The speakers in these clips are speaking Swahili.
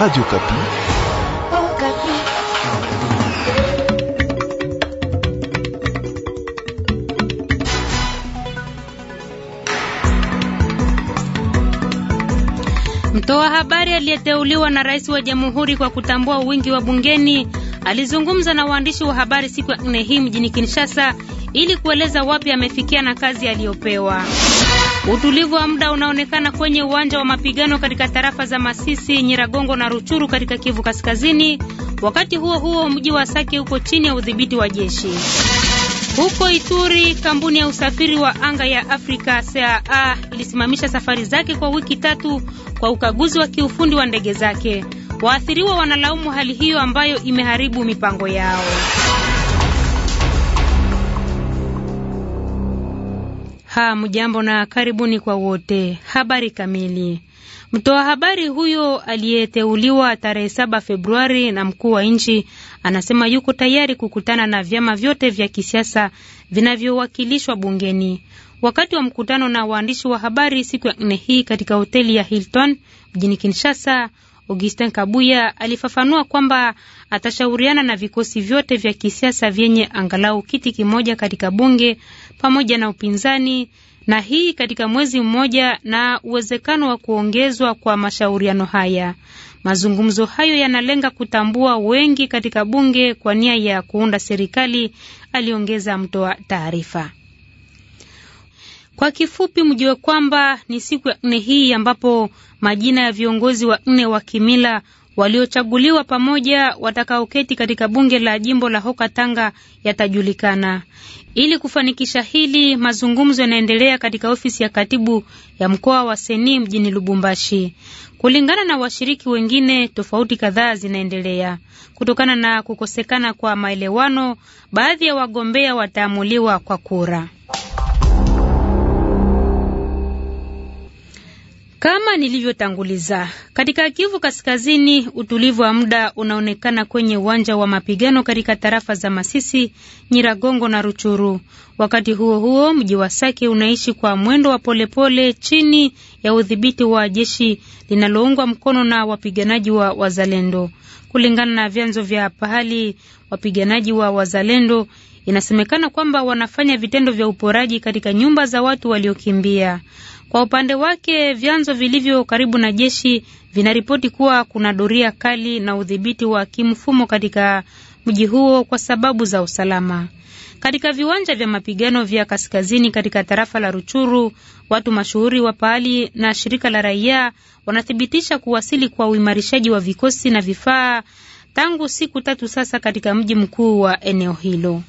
Radio Okapi. Mtoa habari aliyeteuliwa na rais wa jamhuri kwa kutambua wingi wa bungeni alizungumza na waandishi wa habari siku ya nne hii mjini Kinshasa ili kueleza wapi amefikia na kazi aliyopewa. Utulivu wa muda unaonekana kwenye uwanja wa mapigano katika tarafa za Masisi, Nyiragongo na Ruchuru katika Kivu Kaskazini. Wakati huo huo, mji wa Sake uko chini ya udhibiti wa jeshi. Huko Ituri, kampuni ya usafiri wa anga ya Afrika CAA ilisimamisha safari zake kwa wiki tatu kwa ukaguzi wa kiufundi wa ndege zake. Waathiriwa wanalaumu hali hiyo ambayo imeharibu mipango yao. mjambo na karibuni kwa wote. Habari kamili. Mtoa habari huyo aliyeteuliwa tarehe 7 Februari na mkuu wa nchi anasema yuko tayari kukutana na vyama vyote vya kisiasa vinavyowakilishwa bungeni. Wakati wa mkutano na waandishi wa habari siku ya nne hii katika hoteli ya Hilton mjini Kinshasa, Augustin Kabuya alifafanua kwamba atashauriana na vikosi vyote vya kisiasa vyenye angalau kiti kimoja katika bunge pamoja na upinzani, na hii katika mwezi mmoja na uwezekano wa kuongezwa kwa mashauriano haya. Mazungumzo hayo yanalenga kutambua wengi katika bunge kwa nia ya kuunda serikali, aliongeza mtoa taarifa. Kwa kifupi, mjue kwamba ni siku ya nne hii ambapo majina ya viongozi wa nne wa kimila waliochaguliwa pamoja watakaoketi katika bunge la jimbo la Hoka Tanga yatajulikana. Ili kufanikisha hili, mazungumzo yanaendelea katika ofisi ya katibu ya mkoa wa Seni mjini Lubumbashi. Kulingana na washiriki wengine, tofauti kadhaa zinaendelea kutokana na kukosekana kwa maelewano. Baadhi ya wagombea wataamuliwa kwa kura. Kama nilivyotanguliza katika Kivu Kaskazini, utulivu wa muda unaonekana kwenye uwanja wa mapigano katika tarafa za Masisi, Nyiragongo na Ruchuru. Wakati huo huo, mji wa Sake unaishi kwa mwendo wa polepole pole, chini ya udhibiti wa jeshi linaloungwa mkono na wapiganaji wa Wazalendo. Kulingana na vyanzo vya pahali, wapiganaji wa Wazalendo inasemekana kwamba wanafanya vitendo vya uporaji katika nyumba za watu waliokimbia. Kwa upande wake, vyanzo vilivyo karibu na jeshi vinaripoti kuwa kuna doria kali na udhibiti wa kimfumo katika mji huo kwa sababu za usalama. Katika viwanja vya mapigano vya kaskazini katika tarafa la Ruchuru, watu mashuhuri wa pahali na shirika la raia wanathibitisha kuwasili kwa uimarishaji wa vikosi na vifaa tangu siku tatu sasa katika mji mkuu wa eneo hilo.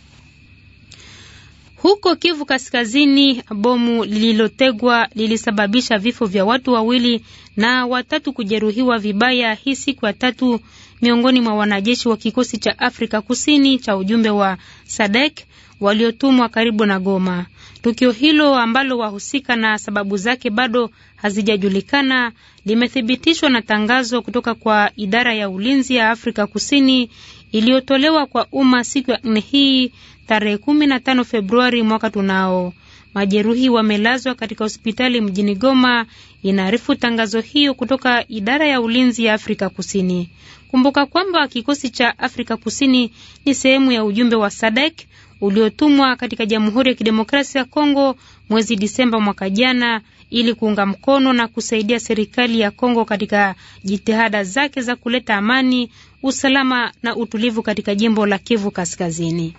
Huko Kivu Kaskazini, bomu lililotegwa lilisababisha vifo vya watu wawili na watatu kujeruhiwa vibaya hii siku ya tatu, miongoni mwa wanajeshi wa kikosi cha Afrika Kusini cha ujumbe wa SADEK waliotumwa karibu na Goma. Tukio hilo ambalo wahusika na sababu zake bado hazijajulikana limethibitishwa na tangazo kutoka kwa idara ya ulinzi ya Afrika Kusini iliyotolewa kwa umma siku ya nne hii tarehe 15 Februari mwaka tunao. Majeruhi wamelazwa katika hospitali mjini Goma, inaarifu tangazo hiyo kutoka idara ya ulinzi ya Afrika Kusini. Kumbuka kwamba kikosi cha Afrika Kusini ni sehemu ya ujumbe wa SADC uliotumwa katika Jamhuri ya Kidemokrasia ya Kongo mwezi Disemba mwaka jana ili kuunga mkono na kusaidia serikali ya Kongo katika jitihada zake za kuleta amani, usalama na utulivu katika jimbo la Kivu Kaskazini.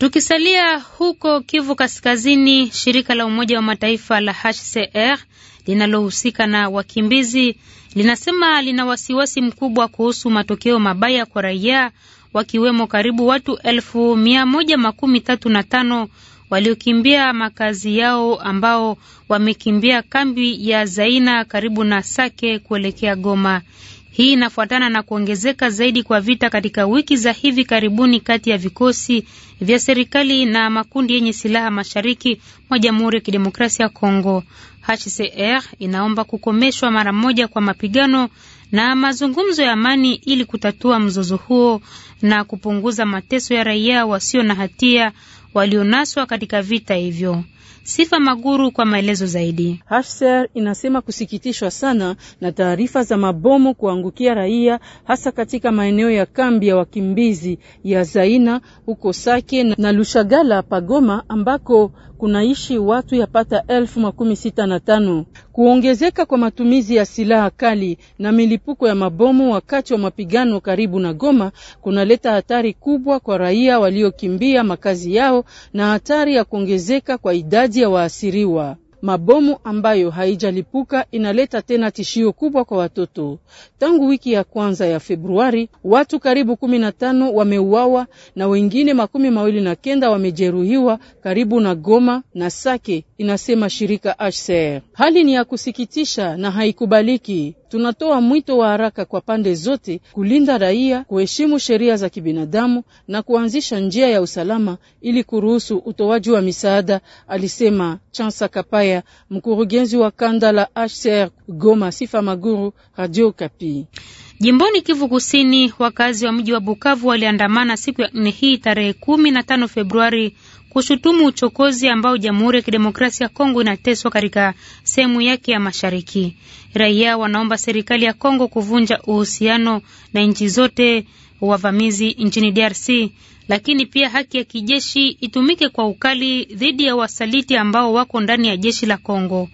Tukisalia huko Kivu Kaskazini, shirika la Umoja wa Mataifa la HCR linalohusika na wakimbizi linasema lina wasiwasi mkubwa kuhusu matokeo mabaya kwa raia, wakiwemo karibu watu elfu mia moja makumi tatu na tano waliokimbia makazi yao ambao wamekimbia kambi ya Zaina karibu na Sake kuelekea Goma. Hii inafuatana na kuongezeka zaidi kwa vita katika wiki za hivi karibuni kati ya vikosi vya serikali na makundi yenye silaha mashariki mwa Jamhuri ya Kidemokrasia ya Kongo. HCR inaomba kukomeshwa mara moja kwa mapigano na mazungumzo ya amani ili kutatua mzozo huo na kupunguza mateso ya raia wasio na hatia walionaswa katika vita hivyo. Sifa Maguru kwa maelezo zaidi. HCR inasema kusikitishwa sana na taarifa za mabomu kuangukia raia hasa katika maeneo ya kambi ya wakimbizi ya Zaina huko Sake na Lushagala Pagoma ambako kunaishi watu yapata elfu makumi sita na tano. Kuongezeka kwa matumizi ya silaha kali na milipuko ya mabomu wakati wa mapigano karibu na Goma kunaleta hatari kubwa kwa raia waliokimbia makazi yao na hatari ya kuongezeka kwa idadi mauaji ya waasiriwa. Mabomu ambayo haijalipuka inaleta tena tishio kubwa kwa watoto. Tangu wiki ya kwanza ya Februari, watu karibu kumi na tano wameuawa na wengine makumi mawili na kenda wamejeruhiwa karibu na Goma na Sake, inasema shirika HCR. Hali ni ya kusikitisha na haikubaliki. Tunatoa mwito wa haraka kwa pande zote kulinda raia, kuheshimu sheria za kibinadamu na kuanzisha njia ya usalama ili kuruhusu utoaji wa misaada, alisema Chansa Kapaya, mkurugenzi wa kanda la HCR Goma. Sifa Maguru, Radio Kapi. Jimboni Kivu Kusini, wakazi wa mji wa Bukavu waliandamana siku ya nne hii tarehe kumi na tano Februari kushutumu uchokozi ambao Jamhuri ya Kidemokrasia ya Kongo inateswa katika sehemu yake ya mashariki. Raia wanaomba serikali ya Kongo kuvunja uhusiano na nchi zote wavamizi nchini DRC, lakini pia haki ya kijeshi itumike kwa ukali dhidi ya wasaliti ambao wako ndani ya jeshi la Kongo.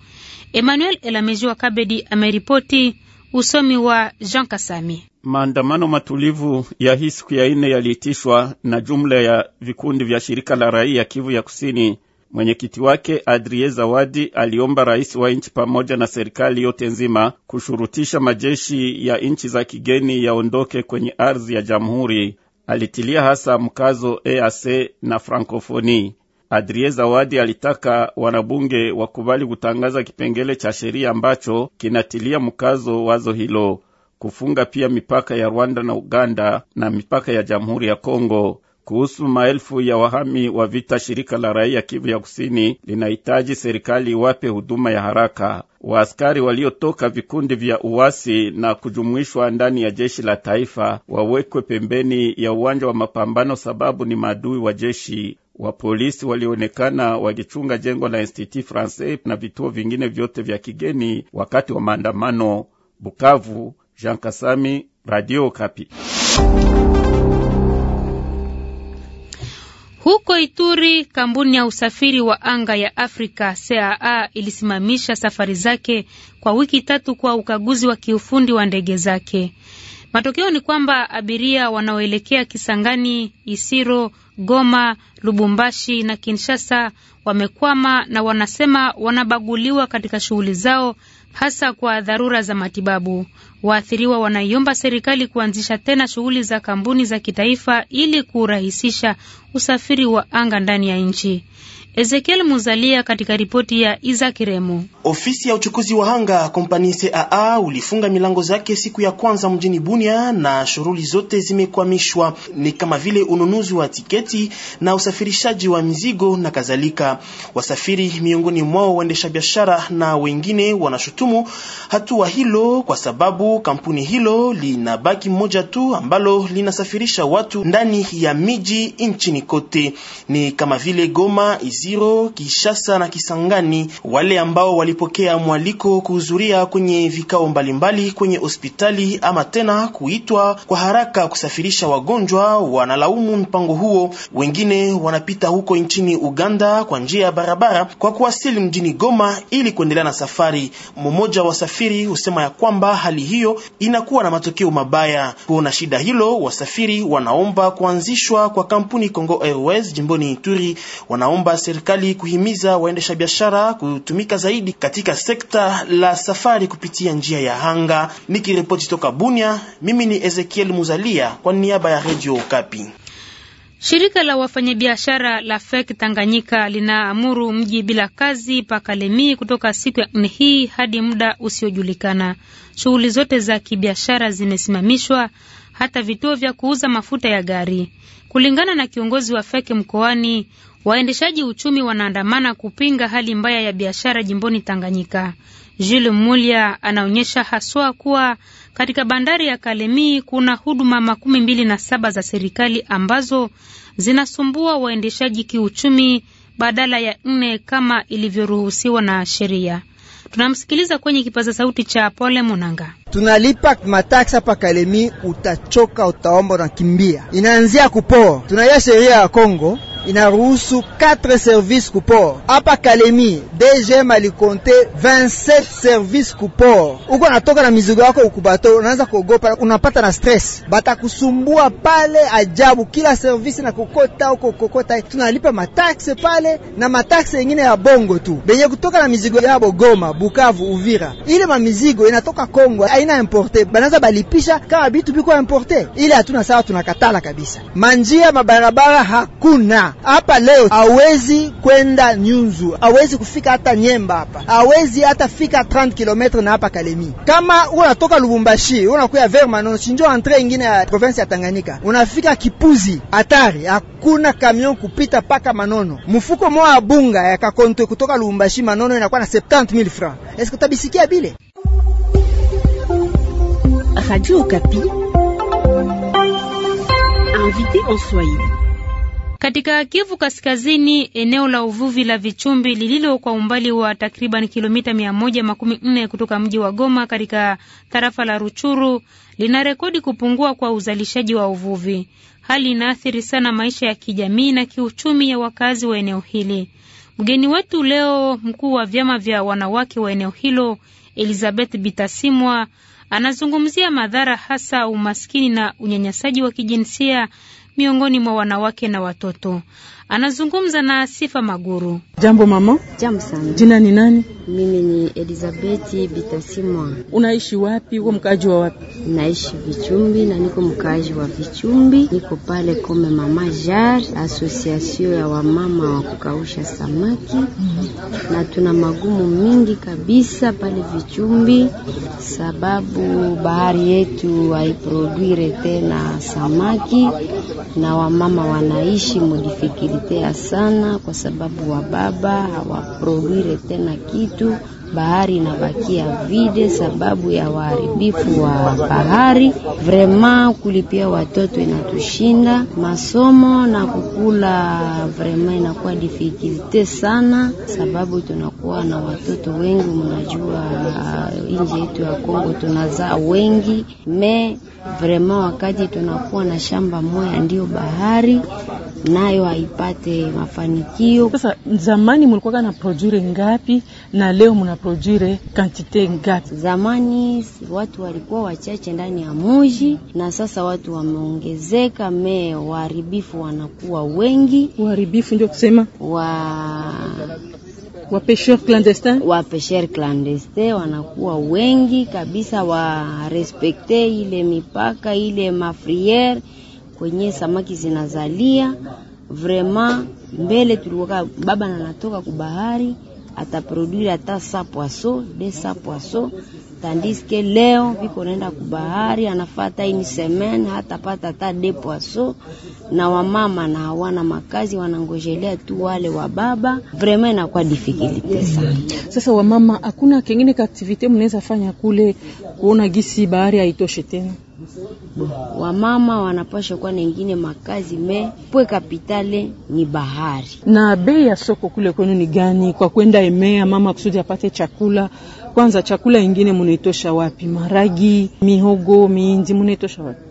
Emmanuel Elamejiwa Kabedi ameripoti. Usomi wa Jean Kasami. Maandamano matulivu ya hii siku ya ine yaliitishwa na jumla ya vikundi vya shirika la raia Kivu ya Kusini. Mwenyekiti wake Adrie Zawadi aliomba rais wa nchi pamoja na serikali yote nzima kushurutisha majeshi ya nchi za kigeni yaondoke kwenye ardhi ya jamhuri. Alitilia hasa mkazo EAC na Frankofoni. Adrie Zawadi alitaka wanabunge wakubali kutangaza kipengele cha sheria ambacho kinatilia mkazo wazo hilo, kufunga pia mipaka ya Rwanda na Uganda na mipaka ya Jamhuri ya Kongo. Kuhusu maelfu ya wahami wa vita, shirika la raia Kivu ya Kusini linahitaji serikali iwape huduma ya haraka. Waaskari waliotoka vikundi vya uasi na kujumuishwa ndani ya jeshi la taifa wawekwe pembeni ya uwanja wa mapambano, sababu ni maadui wa jeshi wa polisi walionekana wakichunga jengo la Institut Francais na vituo vingine vyote vya kigeni wakati wa maandamano. Bukavu, Jean Kasami, Radio Kapi. Huko Ituri, kampuni ya usafiri wa anga ya Afrika CAA ilisimamisha safari zake kwa wiki tatu kwa ukaguzi wa kiufundi wa ndege zake. Matokeo ni kwamba abiria wanaoelekea Kisangani, Isiro, Goma, Lubumbashi na Kinshasa wamekwama na wanasema wanabaguliwa katika shughuli zao hasa kwa dharura za matibabu. Waathiriwa wanaiomba serikali kuanzisha tena shughuli za kampuni za kitaifa ili kurahisisha usafiri wa anga ndani ya nchi. Ezekiel Muzalia katika ripoti ya Iza Kiremo. Ofisi ya uchukuzi wa anga kompani CAA ulifunga milango zake siku ya kwanza mjini Bunia na shughuli zote zimekwamishwa, ni kama vile ununuzi wa tiketi na usafirishaji wa mizigo na kadhalika. Wasafiri miongoni mwao waendesha biashara na wengine wanashutumu hatua hilo kwa sababu kampuni hilo lina baki moja tu ambalo linasafirisha watu ndani ya miji nchini kote, ni kama vile Goma, Izi Isiro, Kishasa na Kisangani, wale ambao walipokea mwaliko kuhudhuria kwenye vikao mbalimbali kwenye hospitali ama tena kuitwa kwa haraka kusafirisha wagonjwa, wanalaumu mpango huo. Wengine wanapita huko nchini Uganda kwa njia ya barabara kwa kuwasili mjini Goma ili kuendelea na safari. Mmoja wa wasafiri husema ya kwamba hali hiyo inakuwa na matokeo mabaya. Kuona shida hilo, wasafiri wanaomba kuanzishwa kwa kampuni Congo Airways jimboni Ituri, wanaomba serikali kuhimiza waendesha biashara kutumika zaidi katika sekta la safari kupitia njia ya anga. Nikiripoti toka Bunia, mimi ni Ezekiel Muzalia kwa niaba ya Radio Okapi. Shirika la wafanyabiashara la FEK Tanganyika linaamuru mji bila kazi Pakalemi kutoka siku ya nne hii hadi muda usiojulikana. Shughuli zote za kibiashara zimesimamishwa, hata vituo vya kuuza mafuta ya gari. Kulingana na kiongozi wa FEC mkoani, Waendeshaji uchumi wanaandamana kupinga hali mbaya ya biashara jimboni Tanganyika. Jules Mulia anaonyesha haswa kuwa katika bandari ya Kalemie kuna huduma makumi mbili na saba za serikali ambazo zinasumbua waendeshaji kiuchumi badala ya nne kama ilivyoruhusiwa na sheria. Tunamsikiliza kwenye kipaza sauti cha Pole Munanga. Tunalipa mataksa hapa Kalemi, utachoka, utaomba, unakimbia. Inaanzia kupoa. Tunaiya sheria ya Kongo inaruhusu 4 services kuport hapa Kalemi. DGM alikonte 27 service kuport. Uko natoka na mizigo yako ukubato, unaanza kuogopa, unapata na stress, batakusumbua pale ajabu. Kila service na kokota uko kokota, tunalipa mataxe pale na mataxe yengine ya bongo tu, benye kutoka na mizigo yabo Goma, Bukavu, Uvira. Ile mizigo inatoka Kongo aina importe, banaza balipisha kama bitu biko importe, ile hatuna sawa, tunakatala kabisa. Manjia mabarabara hakuna hapa leo hawezi kwenda Nyunzu, hawezi kufika hata Nyemba, hapa hawezi hata fika 30 km na hapa Kalemi. Kama unatoka Lubumbashi unakuya vers Manonsi, njo entre ingine ya province ya Tanganyika, unafika Kipuzi, hatari, hakuna kamion kupita paka Manono. Mfuko moja abunga bunga ya kakonto kutoka Lubumbashi Manono inakuwa na 70000 francs. Eske tabisikia bile? Radio Okapi invité en Swahili katika Kivu Kaskazini, eneo la uvuvi la Vichumbi lililo kwa umbali wa takriban kilomita mia moja makumi nne kutoka mji wa Goma katika tarafa la Ruchuru lina rekodi kupungua kwa uzalishaji wa uvuvi. Hali inaathiri sana maisha ya kijamii na kiuchumi ya wakazi wa eneo hili. Mgeni wetu leo, mkuu wa vyama vya wanawake wa eneo hilo Elizabeth Bitasimwa, anazungumzia madhara hasa umaskini na unyanyasaji wa kijinsia miongoni mwa wanawake na watoto. Anazungumza na Sifa Maguru. Jambo mama. Jambo sana. Jina ni nani? Mimi ni Elizabeth Bitasimwa. Unaishi wapi? Uko mkaaji wa wapi? Naishi Vichumbi na niko mkaaji wa Vichumbi, niko pale Kome Mama Jar, asosiasio ya wamama wa kukausha samaki mm -hmm. na tuna magumu mingi kabisa pale Vichumbi sababu bahari yetu haiproduire tena samaki na wamama wanaishi modifikili wanateketea sana, kwa sababu wababa hawaprodwire tena kitu, bahari inabakia vide sababu ya waharibifu wa bahari. Vrema kulipia watoto inatushinda masomo na kukula, vrema inakuwa difikulte sana, sababu tunakuwa na watoto wengi. Mnajua uh, nje yetu ya Kongo tunazaa wengi me vrema, wakati tunakuwa na shamba moya ndiyo bahari nayo haipate mafanikio. Sasa zamani mulikuwa na produire ngapi na leo muna produire kantite ngapi? Zamani watu walikuwa wachache ndani ya muji na sasa watu wameongezeka, me waharibifu wanakuwa wengi. Waharibifu ndio kusema wa wapesheur clandestin, wapesheur clandestin wanakuwa wengi kabisa, warespekte ile mipaka ile mafriere kwenye samaki zinazalia vrema mbele tulikuwa baba nanatoka kubahari ataproduire ata sa poisson de sa poiso, tandis que leo viko naenda kubahari, anafata ini semaine hatapata ta de poisson Na wamama na hawana makazi, wanangojelea tu wale wa baba, vraiment inakuwa difficulté sana. Sasa wamama, hakuna kengine kaaktivité activité mnaweza fanya kule kuona gisi bahari haitoshe tena? wamama wanapasha kuwa nengine makazi me pwe kapitale ni bahari. Na bei ya soko kule kwenu ni gani kwa kwenda emea mama kusudi apate chakula? Kwanza chakula ingine munaitosha wapi? Maragi, mihogo, miinji munaitosha wapi?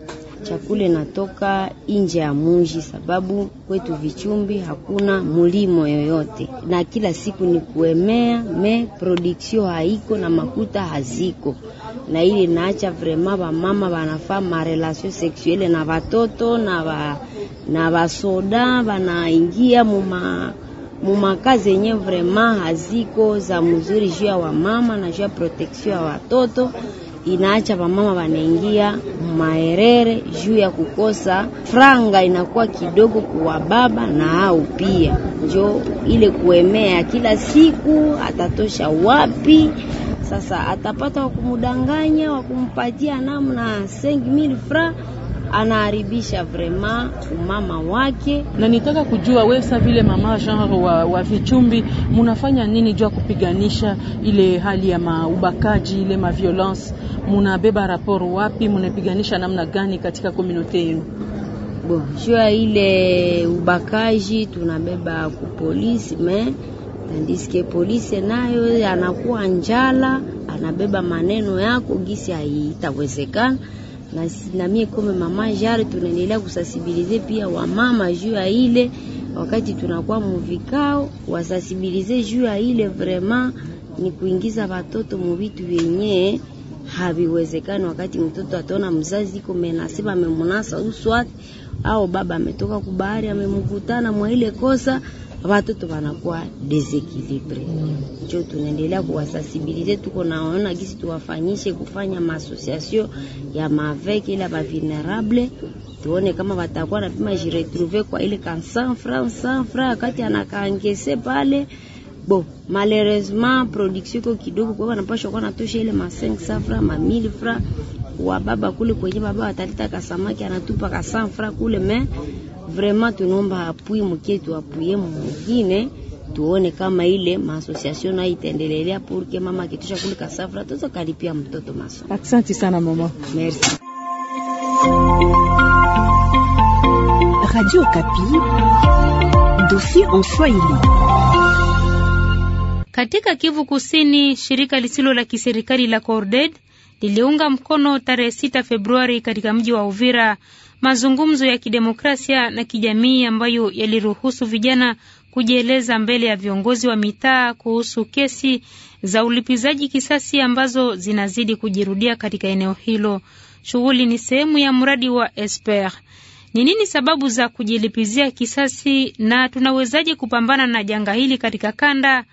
chakula inatoka nje ya muji, sababu kwetu Vichumbi hakuna mulimo yoyote, na kila siku ni kuemea me production haiko na makuta haziko, na ili naacha vrema vamama vanafaa marelation sexuelle na watoto na va, na vasoda vanaingia muma mumakazi yenye vrema haziko za mzuri juu ya wamama na juu ya protection ya watoto inaacha wamama wanaingia maerere juu ya kukosa franga, inakuwa kidogo kuwa baba na au pia njo ile kuemea kila siku, atatosha wapi? Sasa atapata wakumudanganya wakumpatia namna 5000 francs anaharibisha vrema umama wake. Na nitaka kujua wewe vile mama genre wa, wa Vichumbi, munafanya nini jua kupiganisha ile hali ya maubakaji ile maviolence? Munabeba rapor wapi? Munapiganisha namna gani katika komunote yenu? Bon, jua ile ubakaji tunabeba ku polisi me tandiske polisi nayo anakuwa njala, anabeba maneno yako gisi haitawezekana na, na mie kome mama Jare tunaendelea kusasibilize pia wamama juu ya ile, wakati tunakuwa muvikao wasasibilize juu ya ile, vraiment ni kuingiza watoto muvitu vyenye haviwezekani. Wakati mtoto ataona mzazi iko menasiba amemunasa uswati au baba ametoka kubahari amemkutana mwa ile kosa watoto wanakuwa desequilibre. Jo, tunaendelea kuwasensibilize, tuko naona gisi tuwafanyishe kufanya maasosiasio ya maveke ila bavulnerable, tuone kama watakuwa napima jiretrouve kwa ile ka cent franc cent franc kati anakaangese pale Bo, malheureusement production iko kidogo, kwa wanapasha kuwa natosha ile ma 500 francs ma 1000 francs wa baba kule kwenye baba watalita kasamaki anatupa ka 100 francs kule me Vraiment tunaomba apui mketu apuye mwingine tuone kama ile maasosiasio nayo itaendelelea purke mama akitusha kule kasafra tuzo kalipia mtoto maso. Asante sana mama. Merci. Radio Kapi, dosi en Swahili. Katika Kivu Kusini, shirika lisilo la kiserikali la CORDED liliunga mkono tarehe 6 Februari katika mji wa Uvira mazungumzo ya kidemokrasia na kijamii ambayo yaliruhusu vijana kujieleza mbele ya viongozi wa mitaa kuhusu kesi za ulipizaji kisasi ambazo zinazidi kujirudia katika eneo hilo. Shughuli ni sehemu ya mradi wa Esper. Ni nini sababu za kujilipizia kisasi na tunawezaje kupambana na janga hili katika kanda?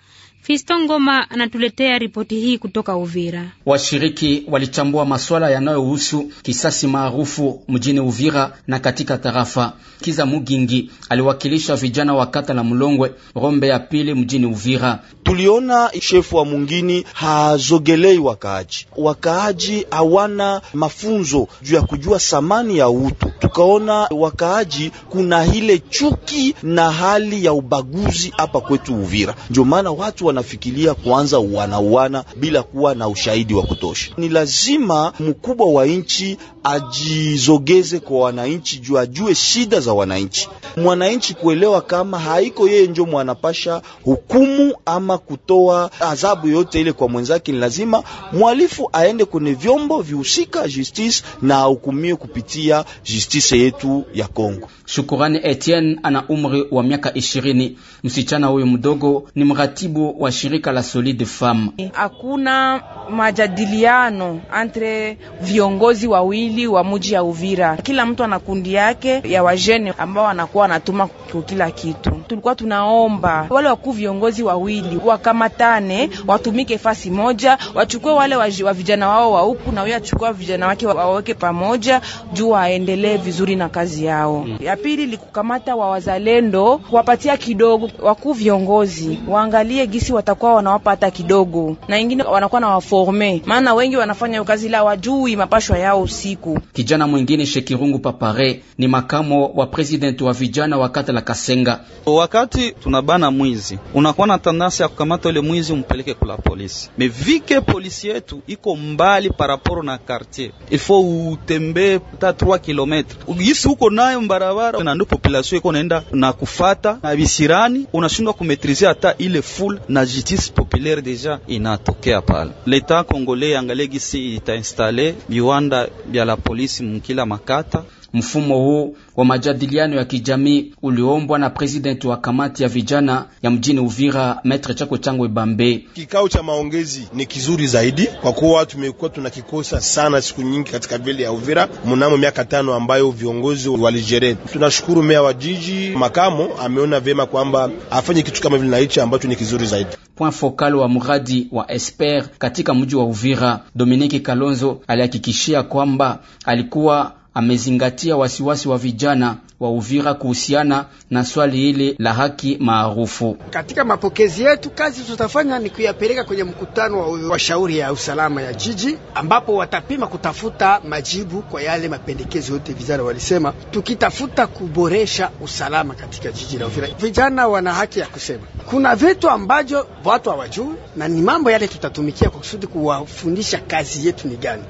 Fisto Ngoma anatuletea ripoti hii kutoka Uvira. Washiriki walichambua masuala yanayohusu kisasi maarufu mjini Uvira na katika tarafa. Kiza Mugingi aliwakilisha vijana wa kata la Mlongwe, Rombe ya pili mjini Uvira. Tuliona shefu wa mungini hazogelei wakaaji, wakaaji hawana mafunzo juu ya kujua thamani ya utu. Tukaona wakaaji kuna ile chuki na hali ya ubaguzi hapa kwetu Uvira, ndio maana watu wanafikiria kuanza uwanauwana bila kuwa na ushahidi wa kutosha. Ni lazima mkubwa wa nchi ajizogeze kwa wananchi, juu ajue shida za wananchi, mwananchi kuelewa kama haiko yeye njo mwanapasha hukumu ama kutoa adhabu yote ile kwa mwenzake. Ni lazima mwalifu aende kwenye vyombo vihusika justice, na ahukumiwe kupitia justice yetu ya Kongo. Shukurani Etienne ana umri wa miaka ishirini. Msichana huyu mdogo ni mratibu wa shirika la Solide Femme. Hakuna majadiliano entre viongozi wawili wa muji ya Uvira, kila mtu ana kundi yake ya wajene ambao wanakuwa wanatuma kila kitu. Tulikuwa tunaomba wale wakuu viongozi wawili wakamatane, watumike fasi moja, wachukue wale wa vijana wao wa huku na huyo achukua vijana wake waweke pamoja, juu waendelee vizuri na kazi yao. Mm. Ya pili likukamata wa wazalendo, wapatia kidogo wakuu viongozi waangalie gisi kazi watakuwa wanawapa hata kidogo, na wengine wanakuwa na waforme, maana wengi wanafanya hiyo kazi la wajui mapashwa yao usiku. Kijana mwingine Shekirungu Papare ni makamo wa president wa vijana wa kata la Kasenga. Wakati tunabana mwizi, unakuwa na tanasi ya kukamata ile mwizi umpeleke kula polisi mevike. Polisi yetu iko mbali paraporo na quartier, il faut utembee ta 3 kilometre isi huko nayo mbarabara na ndio population iko naenda na kufata na bisirani, unashindwa kumetrizia hata ile full na na justice populaire deja inatokea pale. Leta Kongole angalie gisi itainstale viwanda vya la polisi mkila makata Mfumo huu wa majadiliano ya kijamii uliombwa na presidenti wa kamati ya vijana ya mjini Uvira, Maitre Chako Changwe Bambe. Kikao cha maongezi ni kizuri zaidi kwa kuwa tumekuwa tunakikosa sana siku nyingi katika vile ya Uvira mnamo miaka tano ambayo viongozi walijere. Tunashukuru meya wa jiji makamo ameona vema kwamba afanye kitu kama vile naichi ambacho ni kizuri zaidi. Point focal wa mradi wa Esper katika mji wa Uvira, Dominiki Kalonzo alihakikishia kwamba alikuwa amezingatia wasiwasi wa vijana wa Uvira kuhusiana na swali hili la haki maarufu. Katika mapokezi yetu, kazi tutafanya ni kuyapeleka kwenye mkutano wa washauri ya usalama ya jiji, ambapo watapima kutafuta majibu kwa yale mapendekezo yote vijana walisema, tukitafuta kuboresha usalama katika jiji la Uvira. Vijana wana haki ya kusema, kuna vitu ambavyo watu hawajui, na ni mambo yale tutatumikia kwa kusudi kuwafundisha kazi yetu ni gani.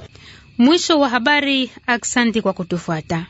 Mwisho wa habari. Aksanti kwa kutufuata.